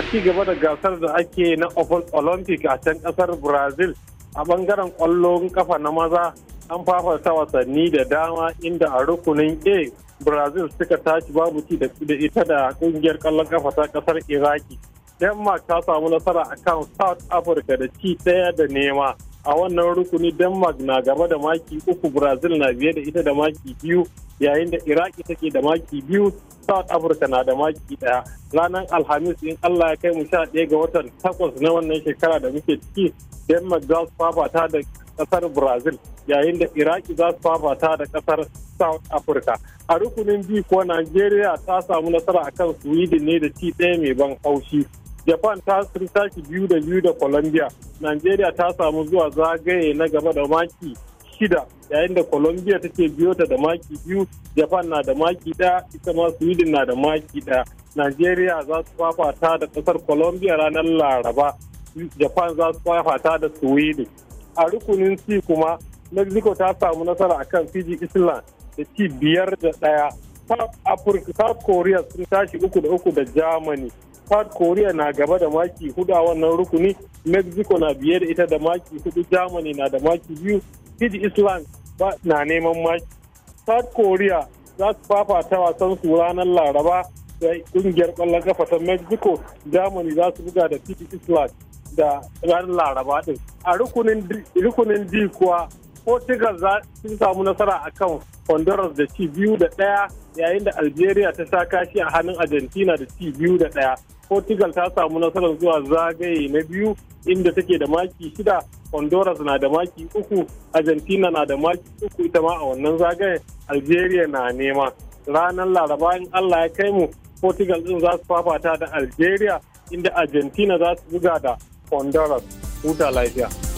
a ci gaba da gasar da ake na olympic a can kasar brazil a bangaren kwallon kafa na maza an fafata wasanni da dama inda a rukunin a brazil suka tashi babu ci da ita da kungiyar kwallon kafa ta kasar iraki denmark ta samu nasara kan south africa da ci daya da nema a wannan rukuni denmark na gaba da maki uku brazil na biye da ita da maki biyu yayin da iraki take da maki biyu south africa na da maki daya ranar alhamis in allah ya kai mu sha ɗaya ga watan takwas na wannan shekara da muke ciki denmark za su fafata da kasar brazil yayin da iraki za su fafata da kasar south africa a rukunin biyu kuwa nigeria ta samu nasara akan sweden ne da ci ɗaya mai ban haushi japan ta sun tashi biyu da biyu da colombia nigeria ta samu zuwa zagaye na gaba da maki shida yayin da colombia take biyo ta da maki biyu japan na da maki ɗaya ita ma sweden na da maki ɗaya najeriya za su fafata da ƙasar colombia ranar laraba japan za su fafata da sweden a rukunin c kuma mexico ta samu nasara akan fiji island da ci biyar da ɗaya south korea sun tashi uku da uku da germany south korea na gaba da maki hudu a wannan rukuni mexico na biye da ita da maki hudu germany na da maki biyu Fiji Island na neman maki. South Korea za su fafata wasan su ranar Laraba da ƙungiyar ƙwallon kafa ta Mexico, Germany za su buga da Fiji Island da ranar Laraba ɗin. A rukunin D kuwa Portugal sun samu nasara akan Honduras da ci biyu da ɗaya yayin da Algeria ta sha kashi a hannun Argentina da ci biyu da ɗaya. Portugal ta samu nasarar zuwa zagaye na biyu inda take da maki shida honduras na da maki uku argentina na da maki uku ita ma a wannan zagayen algeria na nema ranar laraba in allah ya kai mu portugal din za su fafata da algeria inda argentina za su buga da honduras huta lafiya